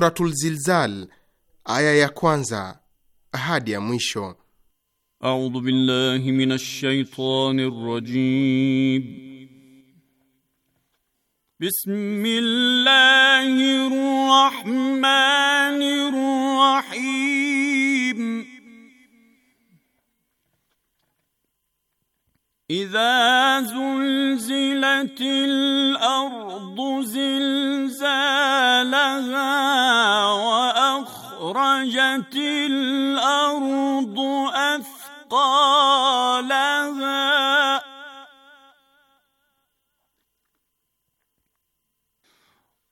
Suratul Zilzal aya ya kwanza hadi ya mwisho. A'udhu billahi minash shaitanir rajim. Bismillahir rahmanir rahim. إذا زلزلت الأرض زلزالها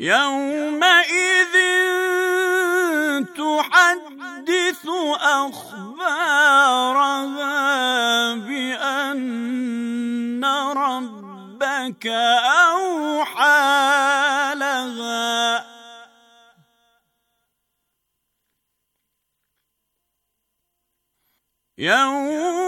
يومئذ تحدث أخبارها بأن ربك أوحى لها يوم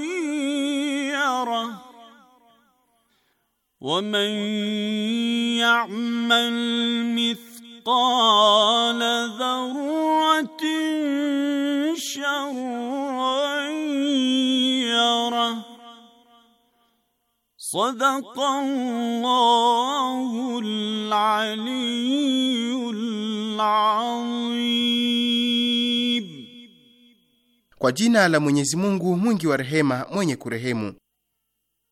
ومن يعمل مثقال ذره شرا يره صدق الله العلي العظيم Kwa jina la Mwenyezi Mungu mwingi wa rehema mwenye kurehemu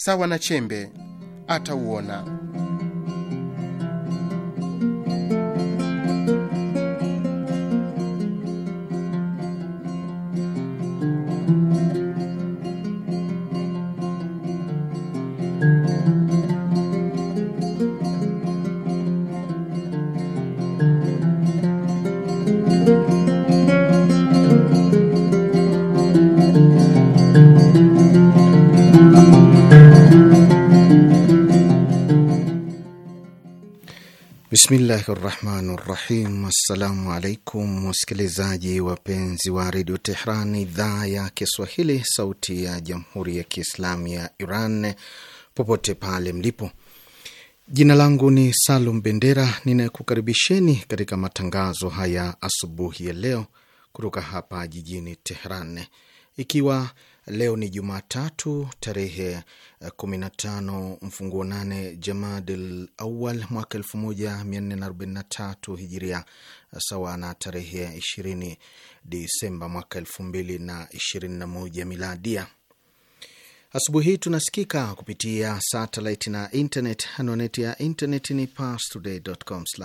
sawa na chembe atauona. Bismillahi rahmani rahim. Assalamu alaikum wasikilizaji wapenzi wa redio Tehran, idhaa ya Kiswahili, sauti ya jamhuri ya kiislamu ya Iran, popote pale mlipo. Jina langu ni Salum Bendera, ninayekukaribisheni katika matangazo haya asubuhi ya leo kutoka hapa jijini Tehran, ikiwa leo ni Jumatatu tarehe 15 eh, mfunguo 8 Jamadil Awal mwaka 1443 Hijiria, sawa na tarehe 20 Disemba mwaka 2021 Miladia. Asubuhi hii tunasikika kupitia satelit na internet. Anwani ya internet ni parstoday.com/sw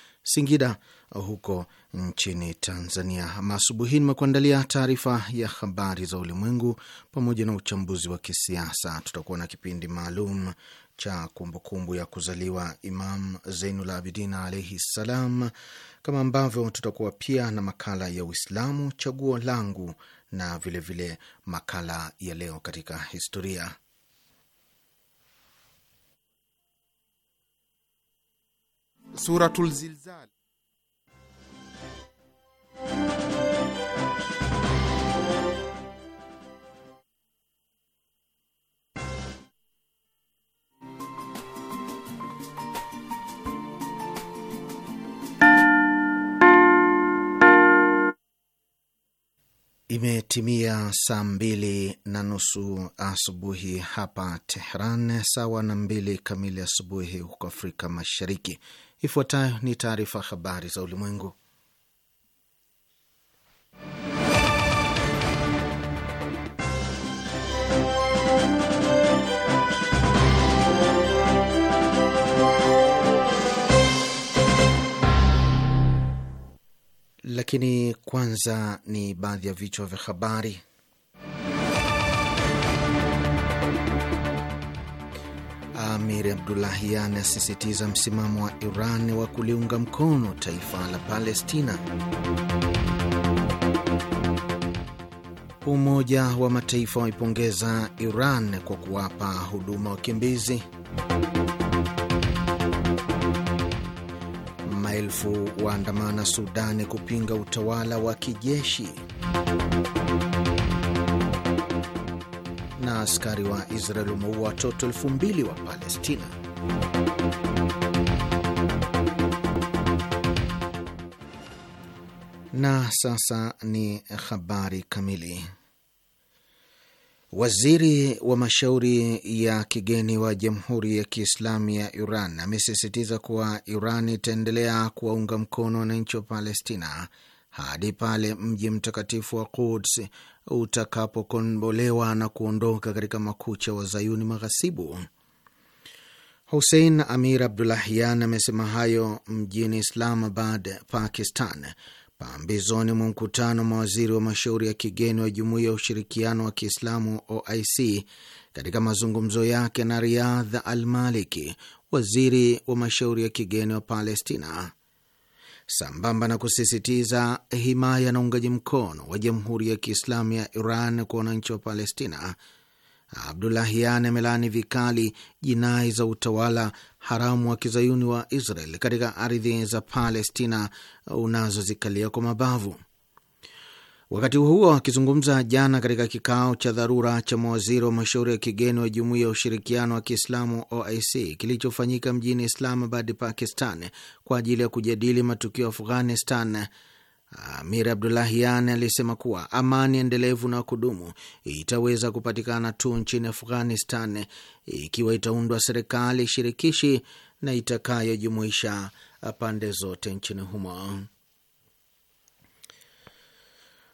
Singida huko nchini Tanzania. Ama nimekuandalia taarifa ya habari za ulimwengu pamoja na uchambuzi wa kisiasa. Tutakuwa na kipindi maalum cha kumbukumbu ya kuzaliwa Imam Zeinul Abidin alaihi ssalam, kama ambavyo tutakuwa pia na makala ya Uislamu chaguo langu na vilevile vile makala ya leo katika historia. سورة الزلزال Imetimia saa mbili na nusu asubuhi hapa Tehran, sawa na mbili kamili asubuhi huko Afrika Mashariki. Ifuatayo ni taarifa habari za ulimwengu. lakini kwanza ni baadhi ya vichwa vya habari. Amir Abdullahian asisitiza msimamo wa Iran wa kuliunga mkono taifa la Palestina. Umoja wa Mataifa waipongeza Iran kwa kuwapa huduma wakimbizi. Maelfu waandamana Sudani kupinga utawala wa kijeshi. Na askari wa Israel wameua watoto elfu mbili wa Palestina. Na sasa ni habari kamili. Waziri wa mashauri ya kigeni wa Jamhuri ya Kiislamu ya Iran amesisitiza kuwa Iran itaendelea kuwaunga mkono wananchi wa Palestina hadi pale mji mtakatifu wa Quds utakapokombolewa na kuondoka katika makucha wa Zayuni maghasibu. Hussein Amir Abdulahian amesema hayo mjini Islamabad, Pakistan, pambizoni mwa mkutano mawaziri wa mashauri ya kigeni wa Jumuiya ya Ushirikiano wa Kiislamu OIC katika mazungumzo yake na riadha Al Maliki, waziri wa mashauri ya kigeni wa Palestina, sambamba na kusisitiza himaya na uungaji mkono wa Jamhuri ya Kiislamu ya Iran kwa wananchi wa Palestina Abdulahian amelaani vikali jinai za utawala haramu wa kizayuni wa Israel katika ardhi za Palestina unazozikalia kwa mabavu. Wakati huo akizungumza jana katika kikao cha dharura cha mawaziri wa mashauri ya kigeni wa Jumuiya ya Ushirikiano wa Kiislamu OIC kilichofanyika mjini Islamabad, Pakistan, kwa ajili ya kujadili matukio ya Afghanistan, Amir Abdulahian alisema kuwa amani endelevu na kudumu itaweza kupatikana tu nchini Afghanistan ikiwa itaundwa serikali shirikishi na itakayojumuisha pande zote nchini humo.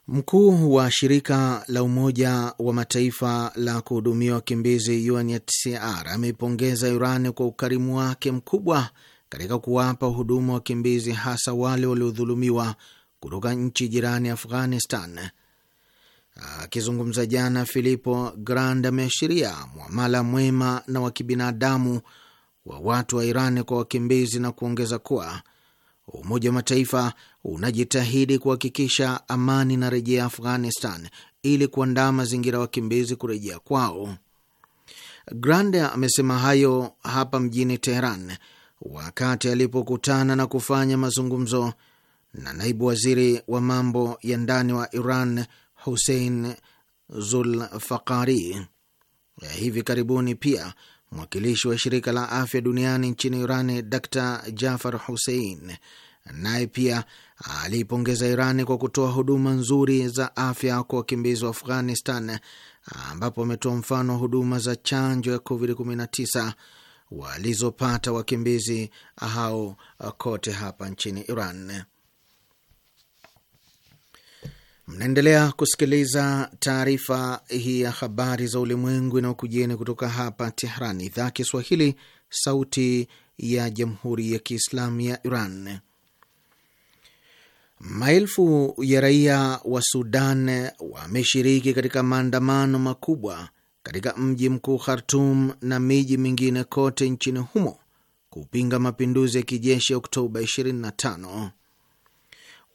Mkuu wa shirika la Umoja wa Mataifa la kuhudumia wakimbizi UNHCR ameipongeza Iran kwa ukarimu wake mkubwa katika kuwapa huduma wakimbizi, hasa wale waliodhulumiwa kutoka nchi jirani Afghanistan. Akizungumza jana, Filipo Grand ameashiria mwamala mwema na wa kibinadamu wa watu wa Iran kwa wakimbizi na kuongeza kuwa Umoja wa Mataifa unajitahidi kuhakikisha amani na rejea Afghanistan ili kuandaa mazingira wakimbizi kurejea kwao. Grand amesema hayo hapa mjini Teheran wakati alipokutana na kufanya mazungumzo na naibu waziri wa mambo ya ndani wa Iran Hussein Zulfaqari. Ya hivi karibuni pia mwakilishi wa shirika la afya duniani nchini Iran Dr Jafar Hussein naye pia aliipongeza Irani kwa kutoa huduma nzuri za afya kwa wakimbizi wa Afghanistan, ambapo ametoa mfano wa huduma za chanjo ya COVID-19 walizopata wakimbizi hao kote hapa nchini Iran. Mnaendelea kusikiliza taarifa hii ya habari za ulimwengu inayokujieni kutoka hapa Tehran, idhaa ya Kiswahili, sauti ya jamhuri ya kiislamu ya Iran. Maelfu ya raia wa Sudan wameshiriki katika maandamano makubwa katika mji mkuu Khartum na miji mingine kote nchini humo kupinga mapinduzi ya kijeshi ya Oktoba 25.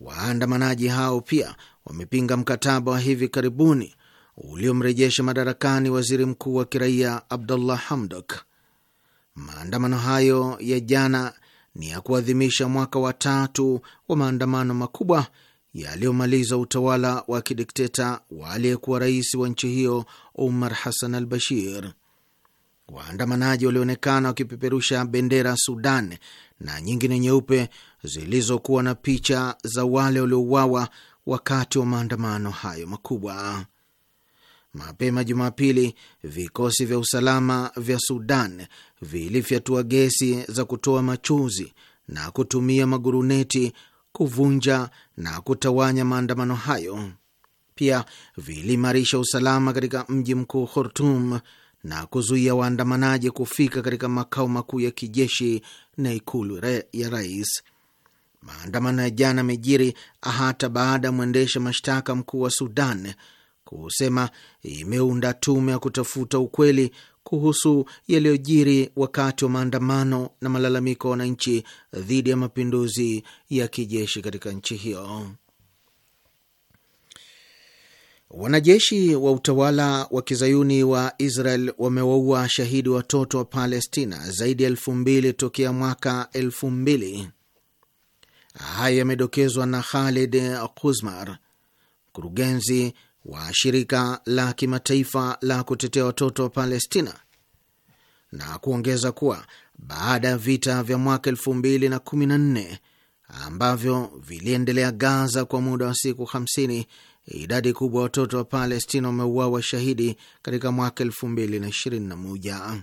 Waandamanaji hao pia wamepinga mkataba wa hivi karibuni uliomrejesha madarakani waziri mkuu wa kiraia Abdullah Hamdok. Maandamano hayo ya jana ni ya kuadhimisha mwaka wa tatu wa maandamano makubwa yaliyomaliza utawala wa kidikteta wa aliyekuwa rais wa nchi hiyo Umar Hassan al Bashir. Waandamanaji walionekana wakipeperusha bendera Sudan na nyingine nyeupe zilizokuwa na picha za wale waliouawa wakati wa maandamano hayo makubwa. Mapema Jumapili, vikosi vya usalama vya Sudan vilifyatua gesi za kutoa machozi na kutumia maguruneti kuvunja na kutawanya maandamano hayo. Pia viliimarisha usalama katika mji mkuu Khartoum na kuzuia waandamanaji kufika katika makao makuu ya kijeshi na ikulu ya rais. Maandamano ya jana amejiri hata baada ya mwendesha mashtaka mkuu wa Sudan kusema imeunda tume ya kutafuta ukweli kuhusu yaliyojiri wakati wa maandamano na malalamiko ya wananchi dhidi ya mapinduzi ya kijeshi katika nchi hiyo. Wanajeshi wa utawala wa kizayuni wa Israel wamewaua shahidi watoto wa Palestina zaidi ya elfu mbili tokea mwaka elfu mbili. Haya yamedokezwa na Khalid Kuzmar, mkurugenzi wa shirika la kimataifa la kutetea watoto wa Palestina, na kuongeza kuwa baada ya vita vya mwaka elfu mbili na kumi na nne ambavyo viliendelea Gaza kwa muda wa siku 50 idadi kubwa ya watoto wa Palestina wameuawa shahidi katika mwaka 221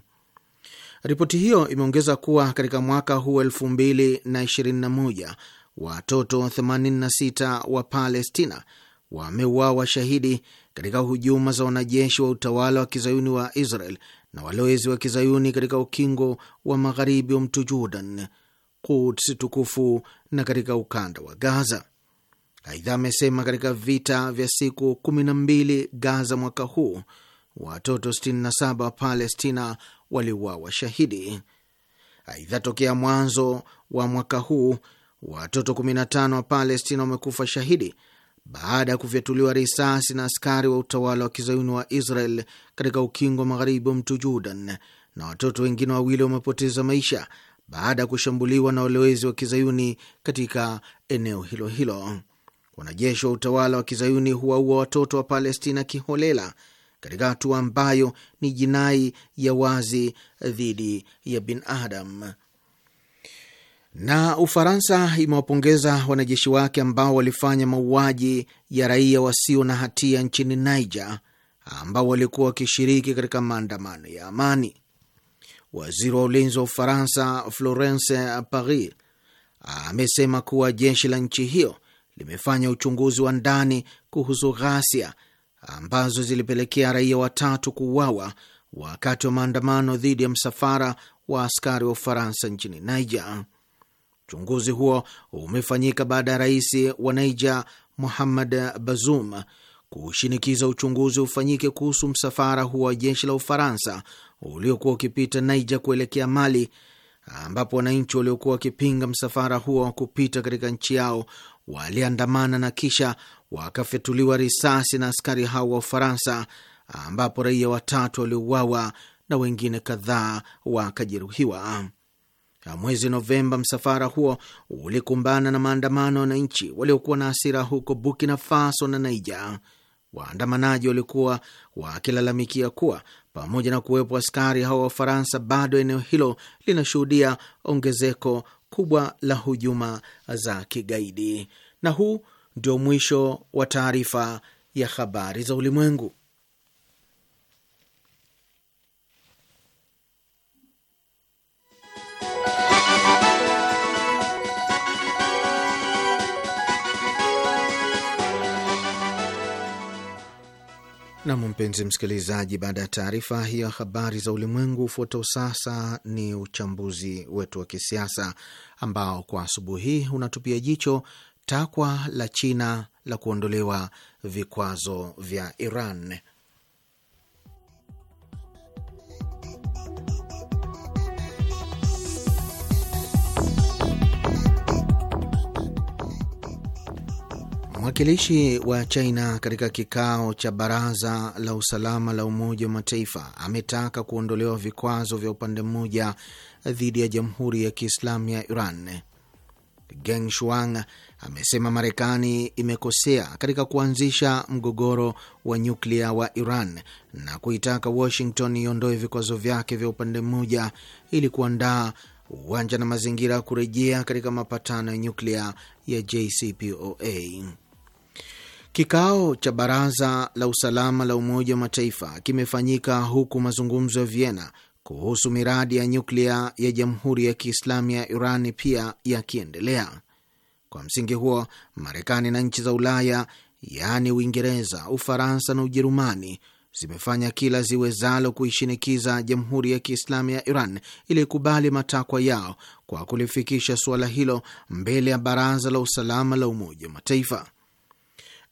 Ripoti hiyo imeongeza kuwa katika mwaka huu 2021 watoto 86 wa Palestina wameuawa shahidi katika hujuma za wanajeshi wa utawala wa kizayuni wa Israel na walowezi wa kizayuni katika ukingo wa magharibi wa mto Jordan, Quds tukufu na katika ukanda wa Gaza. Aidha amesema katika vita vya siku 12 Gaza mwaka huu watoto 67 wa Palestina waliuawa shahidi. Aidha, tokea mwanzo wa mwaka huu Watoto 15 wa Palestina wamekufa shahidi baada ya kufyatuliwa risasi na askari wa utawala wa kizayuni wa Israel katika ukingo wa magharibi wa mto Jordan, na watoto wengine wawili wamepoteza maisha baada ya kushambuliwa na walowezi wa kizayuni katika eneo hilo hilo. Wanajeshi wa utawala wa kizayuni huwaua watoto wa Palestina kiholela katika hatua ambayo ni jinai ya wazi dhidi ya binadamu. Na Ufaransa imewapongeza wanajeshi wake ambao walifanya mauaji ya raia wasio na hatia nchini Niger ambao walikuwa wakishiriki katika maandamano ya amani. Waziri wa ulinzi wa Ufaransa Florence Paris amesema kuwa jeshi la nchi hiyo limefanya uchunguzi wa ndani kuhusu ghasia ambazo zilipelekea raia watatu kuuawa wakati wa maandamano dhidi ya msafara wa askari wa Ufaransa nchini Niger. Uchunguzi huo umefanyika baada ya rais wa Niger Mohamed Bazoum kushinikiza uchunguzi ufanyike kuhusu msafara huo wa jeshi la Ufaransa uliokuwa ukipita Niger kuelekea Mali, ambapo wananchi waliokuwa wakipinga msafara huo wa kupita katika nchi yao waliandamana na kisha wakafyatuliwa risasi na askari hao wa Ufaransa, ambapo raia watatu waliouawa na wengine kadhaa wakajeruhiwa. Mwezi Novemba, msafara huo ulikumbana na maandamano ya wananchi waliokuwa na hasira huko Burkina Faso na Naija. Waandamanaji walikuwa wakilalamikia kuwa pamoja na kuwepo askari hao wa Ufaransa, bado eneo hilo linashuhudia ongezeko kubwa la hujuma za kigaidi. Na huu ndio mwisho wa taarifa ya habari za ulimwengu. Nam, mpenzi msikilizaji, baada ya taarifa hiyo habari za ulimwengu, ufuatao sasa ni uchambuzi wetu wa kisiasa ambao kwa asubuhi hii unatupia jicho takwa la China la kuondolewa vikwazo vya Iran. Mwakilishi wa China katika kikao cha Baraza la Usalama la Umoja wa Mataifa ametaka kuondolewa vikwazo vya upande mmoja dhidi ya Jamhuri ya Kiislamu ya Iran. Geng Shuang amesema Marekani imekosea katika kuanzisha mgogoro wa nyuklia wa Iran na kuitaka Washington iondoe vikwazo vyake vya upande mmoja ili kuandaa uwanja na mazingira ya kurejea katika mapatano ya nyuklia ya JCPOA. Kikao cha Baraza la Usalama la Umoja wa Mataifa kimefanyika huku mazungumzo ya Vienna kuhusu miradi ya nyuklia ya Jamhuri ya Kiislamu ya Iran pia yakiendelea. Kwa msingi huo, Marekani na nchi za Ulaya yaani Uingereza, Ufaransa na Ujerumani zimefanya kila ziwezalo kuishinikiza Jamhuri ya Kiislamu ya Iran ili kubali matakwa yao kwa kulifikisha suala hilo mbele ya Baraza la Usalama la Umoja wa Mataifa.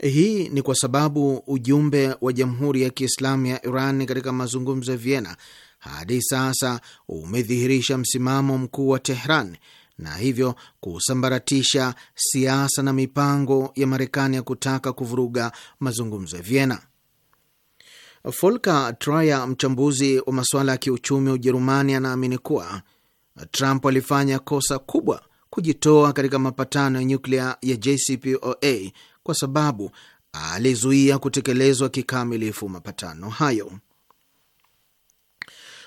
Hii ni kwa sababu ujumbe wa Jamhuri ya Kiislamu ya Iran katika mazungumzo ya Vienna hadi sasa umedhihirisha msimamo mkuu wa Tehran na hivyo kusambaratisha siasa na mipango ya Marekani ya kutaka kuvuruga mazungumzo ya Vienna. Volker Trier, mchambuzi wa masuala ya kiuchumi wa Ujerumani, anaamini kuwa Trump alifanya kosa kubwa kujitoa katika mapatano ya nyuklia ya JCPOA kwa sababu alizuia kutekelezwa kikamilifu mapatano hayo.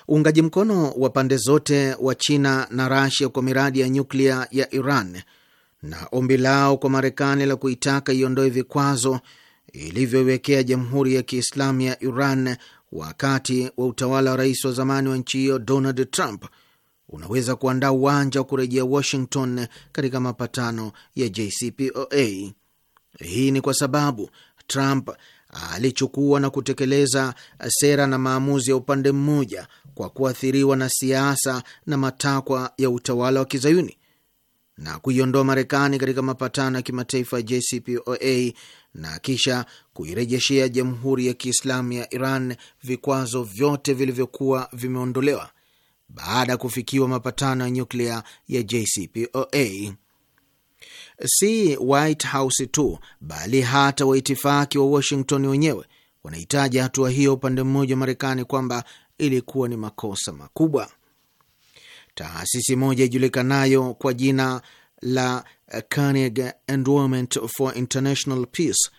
Uungaji mkono wa pande zote wa China na Rasia kwa miradi ya nyuklia ya Iran na ombi lao kwa Marekani la kuitaka iondoe vikwazo ilivyoiwekea Jamhuri ya Kiislamu ya Iran wakati wa utawala wa rais wa zamani wa nchi hiyo Donald Trump unaweza kuandaa uwanja wa kurejea Washington katika mapatano ya JCPOA. Hii ni kwa sababu Trump alichukua na kutekeleza sera na maamuzi ya upande mmoja kwa kuathiriwa na siasa na matakwa ya utawala wa kizayuni na kuiondoa Marekani katika mapatano ya kimataifa ya JCPOA na kisha kuirejeshea Jamhuri ya Kiislamu ya Iran vikwazo vyote vilivyokuwa vimeondolewa baada ya kufikiwa mapatano ya nyuklia ya JCPOA si White House tu bali hata waitifaki wa Washington wenyewe wanahitaji hatua hiyo upande mmoja wa Marekani kwamba ilikuwa ni makosa makubwa. Taasisi moja ijulikanayo kwa jina la Carnegie Endowment for International Peace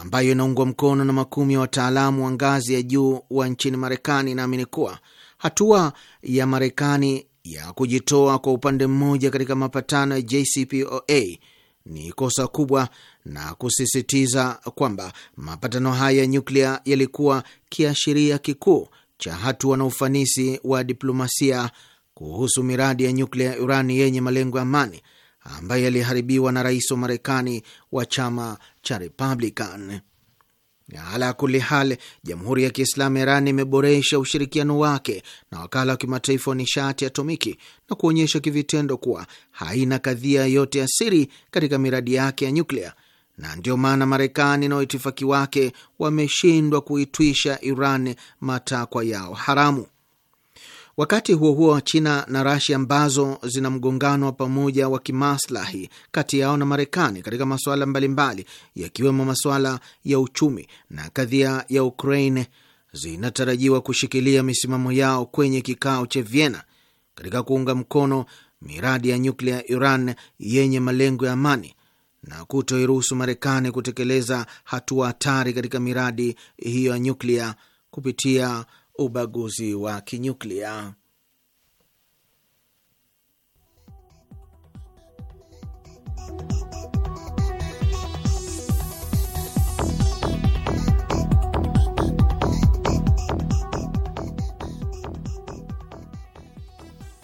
ambayo inaungwa mkono na makumi ya wataalamu wa ngazi ya juu wa nchini Marekani inaamini kuwa hatua ya Marekani ya kujitoa kwa upande mmoja katika mapatano ya JCPOA ni kosa kubwa na kusisitiza kwamba mapatano haya ya nyuklia yalikuwa kiashiria kikuu cha hatua na ufanisi wa diplomasia kuhusu miradi ya nyuklia ya Irani yenye malengo ya amani ambayo yaliharibiwa na rais wa Marekani wa chama cha Republican. Ala kuli hal, Jamhuri ya Kiislamu ya Iran imeboresha ushirikiano wake na wakala wa kimataifa wa nishati atomiki na kuonyesha kivitendo kuwa haina kadhia yote ya siri katika miradi yake ya nyuklia, na ndiyo maana Marekani na waitifaki wake wameshindwa kuitwisha Iran matakwa yao haramu. Wakati huo huo, China na Rasia ambazo zina mgongano wa pamoja wa kimaslahi kati yao na Marekani katika masuala mbalimbali yakiwemo masuala ya uchumi na kadhia ya Ukraine zinatarajiwa kushikilia misimamo yao kwenye kikao cha Vienna katika kuunga mkono miradi ya nyuklia ya Iran yenye malengo ya amani na kutoiruhusu Marekani kutekeleza hatua hatari katika miradi hiyo ya nyuklia kupitia ubaguzi wa kinyuklia.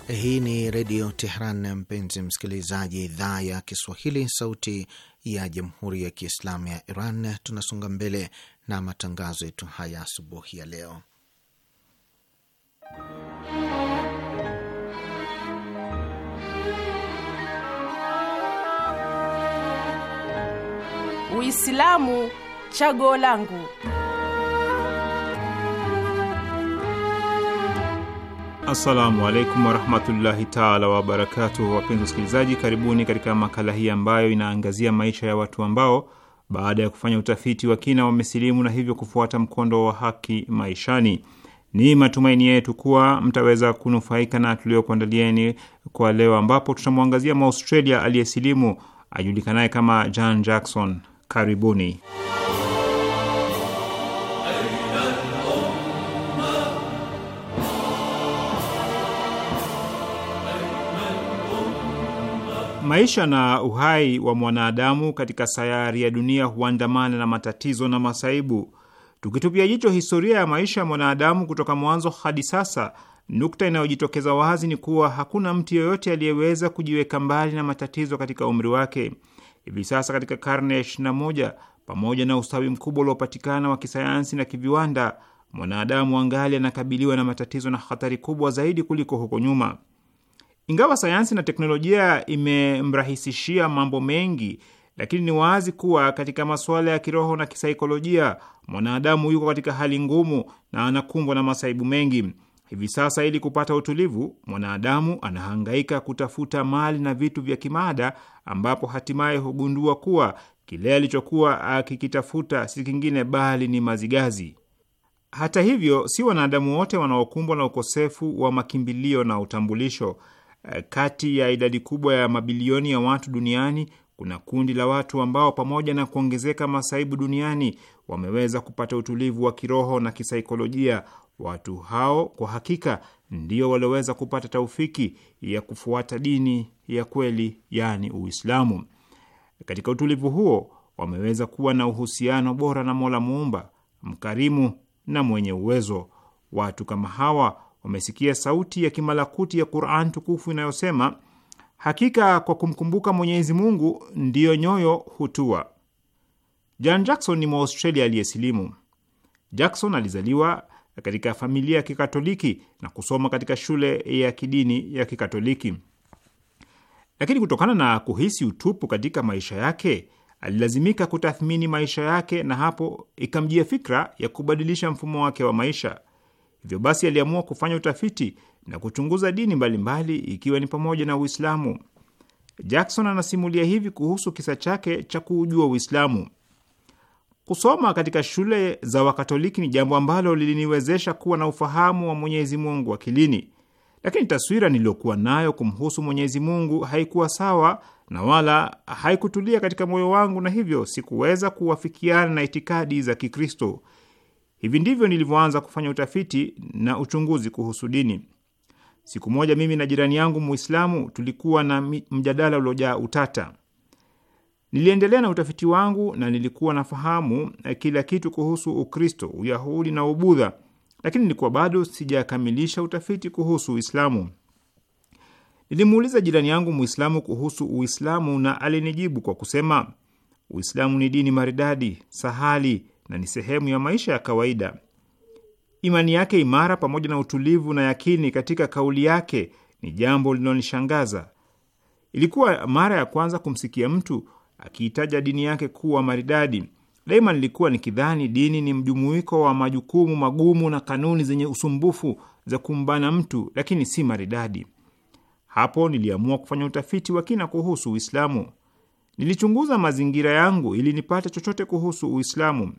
Hii ni Redio Tehran, mpenzi msikilizaji, idhaa ya Kiswahili, sauti ya Jamhuri ya Kiislamu ya Iran. Tunasonga mbele na matangazo yetu haya asubuhi ya leo. Uislamu chaguo langu. Assalamu alaikum warahmatullahi taala wabarakatuh. Wapenzi wasikilizaji, karibuni katika makala hii ambayo inaangazia maisha ya watu ambao baada ya kufanya utafiti wa kina wamesilimu na hivyo kufuata mkondo wa haki maishani. Ni matumaini yetu kuwa mtaweza kunufaika na tuliokuandalieni kwa leo, ambapo tutamwangazia maustralia aliyesilimu ajulikanaye kama Jan Jackson. Karibuni. Maisha na uhai wa mwanadamu katika sayari ya dunia huandamana na matatizo na masaibu. Tukitupia jicho historia ya maisha ya mwanadamu kutoka mwanzo hadi sasa, nukta inayojitokeza wazi ni kuwa hakuna mtu yeyote aliyeweza kujiweka mbali na matatizo katika umri wake. Hivi sasa katika karne ya 21, pamoja na ustawi mkubwa uliopatikana wa kisayansi na kiviwanda, mwanadamu angali anakabiliwa na matatizo na hatari kubwa zaidi kuliko huko nyuma. Ingawa sayansi na teknolojia imemrahisishia mambo mengi lakini ni wazi kuwa katika masuala ya kiroho na kisaikolojia mwanadamu yuko katika hali ngumu na anakumbwa na masaibu mengi. Hivi sasa, ili kupata utulivu, mwanadamu anahangaika kutafuta mali na vitu vya kimaada, ambapo hatimaye hugundua kuwa kile alichokuwa akikitafuta si kingine bali ni mazigazi. Hata hivyo, si wanadamu wote wanaokumbwa na ukosefu wa makimbilio na utambulisho. Kati ya idadi kubwa ya mabilioni ya watu duniani kuna kundi la watu ambao pamoja na kuongezeka masaibu duniani wameweza kupata utulivu wa kiroho na kisaikolojia. Watu hao kwa hakika ndio walioweza kupata taufiki ya kufuata dini ya kweli, yaani Uislamu. Katika utulivu huo wameweza kuwa na uhusiano bora na Mola Muumba, mkarimu na mwenye uwezo. Watu kama hawa wamesikia sauti ya kimalakuti ya Quran tukufu inayosema Hakika kwa kumkumbuka Mwenyezi Mungu ndiyo nyoyo hutua. Jan Jackson ni Mwaustralia aliyesilimu. Jackson alizaliwa katika familia ya Kikatoliki na kusoma katika shule ya kidini ya Kikatoliki, lakini kutokana na kuhisi utupu katika maisha yake alilazimika kutathmini maisha yake, na hapo ikamjia fikra ya kubadilisha mfumo wake wa maisha. Hivyo basi aliamua kufanya utafiti na kuchunguza dini mbalimbali mbali, ikiwa ni pamoja na Uislamu. Jackson anasimulia hivi kuhusu kisa chake cha kuujua Uislamu. Kusoma katika shule za Wakatoliki ni jambo ambalo liliniwezesha kuwa na ufahamu wa Mwenyezi Mungu akilini, lakini taswira niliyokuwa nayo kumhusu Mwenyezi Mungu haikuwa sawa na wala haikutulia katika moyo wangu, na hivyo sikuweza kuwafikiana na itikadi za Kikristo. Hivi ndivyo nilivyoanza kufanya utafiti na uchunguzi kuhusu dini. Siku moja mimi na jirani yangu Muislamu tulikuwa na mjadala uliojaa utata. Niliendelea na utafiti wangu na nilikuwa nafahamu eh, kila kitu kuhusu Ukristo, Uyahudi na Ubudha, lakini nilikuwa bado sijakamilisha utafiti kuhusu Uislamu. Nilimuuliza jirani yangu Muislamu kuhusu Uislamu na alinijibu kwa kusema, Uislamu ni dini maridadi, sahali na ni sehemu ya maisha ya kawaida imani yake imara pamoja na utulivu na yakini katika kauli yake ni jambo linalonishangaza. Ilikuwa mara ya kwanza kumsikia mtu akiitaja dini yake kuwa maridadi. Daima nilikuwa nikidhani dini ni mjumuiko wa majukumu magumu na kanuni zenye usumbufu za kumbana mtu, lakini si maridadi. Hapo niliamua kufanya utafiti wa kina kuhusu Uislamu. Nilichunguza mazingira yangu ili nipate chochote kuhusu Uislamu.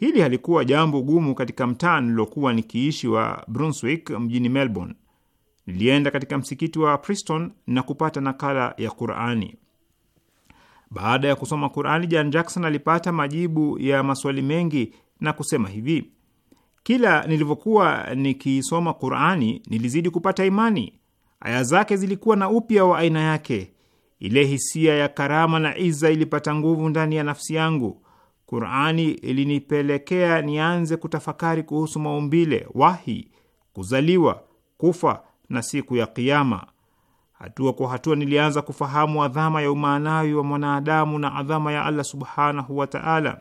Hili halikuwa jambo gumu katika mtaa ni nikiishi wa Brunswick mjini Melbourne. Nilienda katika msikiti wa priston na kupata nakala ya Qurani. Baada ya kusoma Qurani, Jan Jackson alipata majibu ya maswali mengi na kusema hivi: kila nilivyokuwa nikiisoma Qurani nilizidi kupata imani. Aya zake zilikuwa na upya wa aina yake. Ile hisia ya karama na iza ilipata nguvu ndani ya nafsi yangu. Qurani ilinipelekea nianze kutafakari kuhusu maumbile, wahi, kuzaliwa, kufa na siku ya Kiama. Hatua kwa hatua nilianza kufahamu adhama ya umaanawi wa mwanadamu na adhama ya Allah subhanahu wataala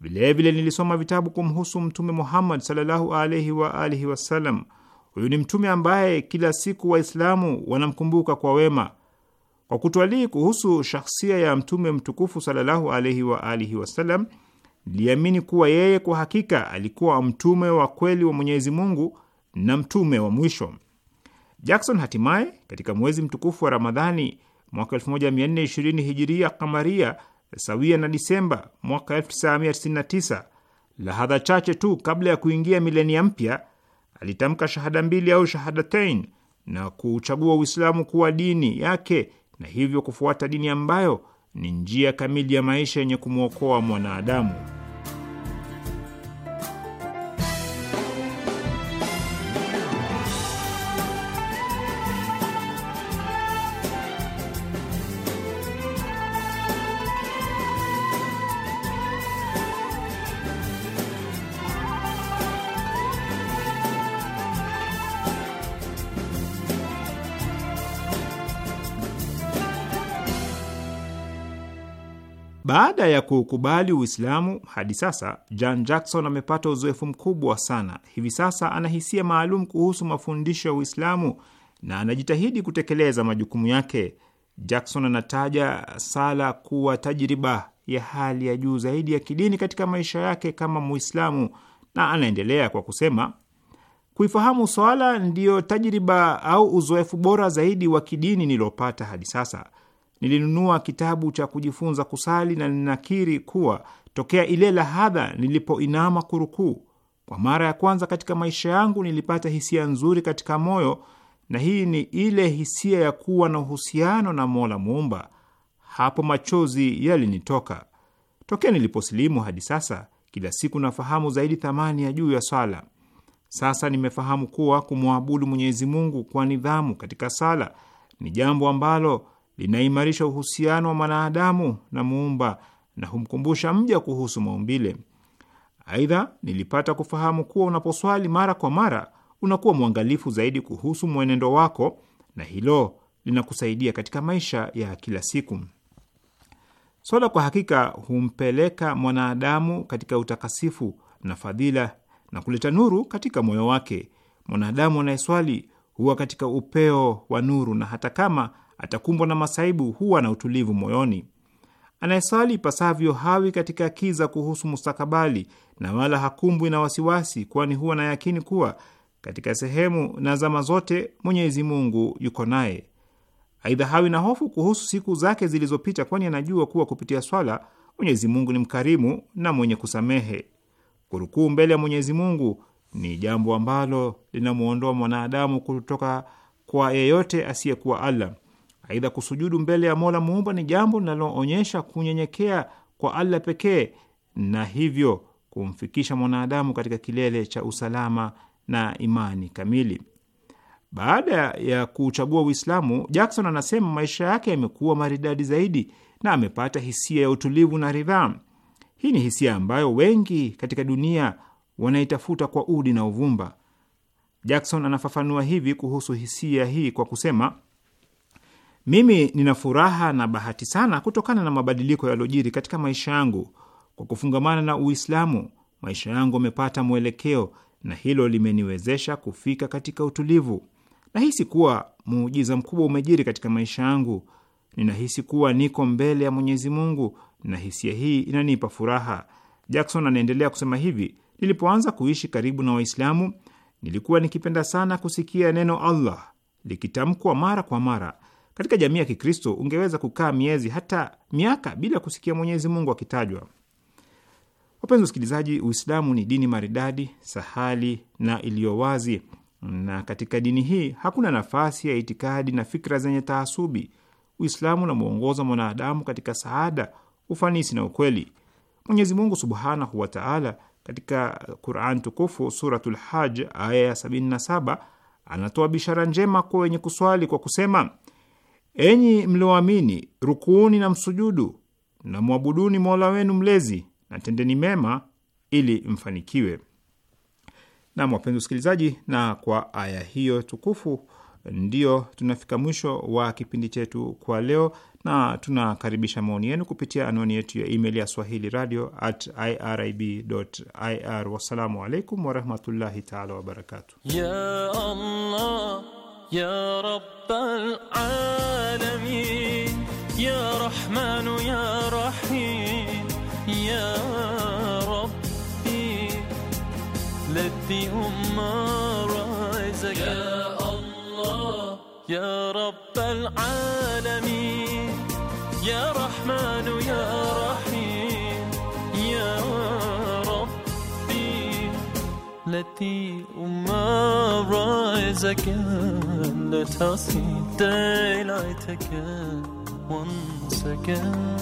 Vilevile nilisoma vitabu kumhusu Mtume Muhammad sallallahu alaihi wa alihi wasallam. Huyu ni mtume ambaye kila siku Waislamu wanamkumbuka kwa wema. Kwa kutwalii kuhusu shakhsia ya Mtume mtukufu sallallahu alaihi wa alihi wasallam, liamini kuwa yeye kwa hakika alikuwa mtume wa kweli wa Mwenyezi Mungu na mtume wa mwisho. Jackson hatimaye katika mwezi mtukufu wa Ramadhani mwaka 1420 hijiria kamaria, sawia na Disemba mwaka 1999, lahadha chache tu kabla ya kuingia milenia mpya, alitamka shahada mbili au shahadatain na kuuchagua Uislamu kuwa dini yake na hivyo kufuata dini ambayo ni njia kamili ya maisha yenye kumwokoa mwanadamu. Baada ya kuukubali Uislamu hadi sasa, John Jackson amepata uzoefu mkubwa sana. Hivi sasa ana hisia maalum kuhusu mafundisho ya Uislamu na anajitahidi kutekeleza majukumu yake. Jackson anataja sala kuwa tajriba ya hali ya juu zaidi ya kidini katika maisha yake kama Muislamu, na anaendelea kwa kusema, kuifahamu swala ndiyo tajriba au uzoefu bora zaidi wa kidini niliopata hadi sasa. Nilinunua kitabu cha kujifunza kusali na ninakiri kuwa tokea ile lahadha nilipoinama kurukuu kwa mara ya kwanza katika maisha yangu nilipata hisia nzuri katika moyo, na hii ni ile hisia ya kuwa na uhusiano na Mola Muumba. Hapo machozi yalinitoka. Tokea niliposilimu hadi sasa, kila siku nafahamu zaidi thamani ya juu ya sala. Sasa nimefahamu kuwa kumwabudu Mwenyezi Mungu kwa nidhamu katika sala ni jambo ambalo linaimarisha uhusiano wa mwanadamu na muumba na humkumbusha mja kuhusu maumbile. Aidha, nilipata kufahamu kuwa unaposwali mara kwa mara unakuwa mwangalifu zaidi kuhusu mwenendo wako, na hilo linakusaidia katika maisha ya kila siku. Swala kwa hakika humpeleka mwanadamu katika utakasifu na fadhila na kuleta nuru katika moyo wake. Mwanadamu anayeswali huwa katika upeo wa nuru, na hata kama atakumbwa na masaibu, huwa na utulivu moyoni. Anayesali ipasavyo hawi katika kiza kuhusu mustakabali na wala hakumbwi na wasiwasi, kwani huwa na yakini kuwa katika sehemu na zama zote Mwenyezi Mungu yuko naye. Aidha, hawi na hofu kuhusu siku zake zilizopita, kwani anajua kuwa kupitia swala Mwenyezi Mungu ni mkarimu na mwenye kusamehe. Kurukuu mbele ya Mwenyezi Mungu ni jambo ambalo linamwondoa mwanadamu kutoka kwa yeyote asiyekuwa Allah. Aidha, kusujudu mbele ya Mola muumba ni jambo linaloonyesha kunyenyekea kwa Allah pekee na hivyo kumfikisha mwanadamu katika kilele cha usalama na imani kamili. Baada ya kuchagua Uislamu, Jackson anasema maisha yake yamekuwa maridadi zaidi na amepata hisia ya utulivu na ridhaa. Hii ni hisia ambayo wengi katika dunia wanaitafuta kwa udi na uvumba. Jackson anafafanua hivi kuhusu hisia hii kwa kusema mimi nina furaha na bahati sana kutokana na mabadiliko yaliyojiri katika maisha yangu. Kwa kufungamana na Uislamu, maisha yangu amepata mwelekeo na hilo limeniwezesha kufika katika utulivu. Nahisi kuwa muujiza mkubwa umejiri katika maisha yangu. Ninahisi kuwa niko mbele ya Mwenyezi Mungu na hisia hii inanipa furaha. Jackson anaendelea kusema hivi: nilipoanza kuishi karibu na Waislamu, nilikuwa nikipenda sana kusikia neno Allah likitamkwa mara kwa mara katika jamii ya Kikristo ungeweza kukaa miezi hata miaka bila kusikia Mwenyezi Mungu akitajwa. Wapenzi wasikilizaji, Uislamu ni dini maridadi, sahali na iliyo wazi, na katika dini hii hakuna nafasi ya itikadi na fikra zenye taasubi. Uislamu unamwongoza mwanadamu katika saada, ufanisi na ukweli. Mwenyezi Mungu subhanahu wa taala katika Quran tukufu Suratul Haj aya ya 77 anatoa bishara njema kwa wenye kuswali kwa kusema Enyi mlioamini, rukuuni na msujudu na mwabuduni Mola wenu mlezi na tendeni mema ili mfanikiwe. Nam, wapenzi usikilizaji na kwa aya hiyo tukufu ndio tunafika mwisho wa kipindi chetu kwa leo, na tunakaribisha maoni yenu kupitia anwani yetu ya email ya swahili radio at irib ir. Wassalamu alaikum warahmatullahi taala wabarakatu يا رب العالمين يا رحمن يا رحيم يا ربي لديهم رزقك يا الله يا رب العالمين يا رحمن يا رحيم رحلتي وما رايزة كان تاسي ديلايتك once again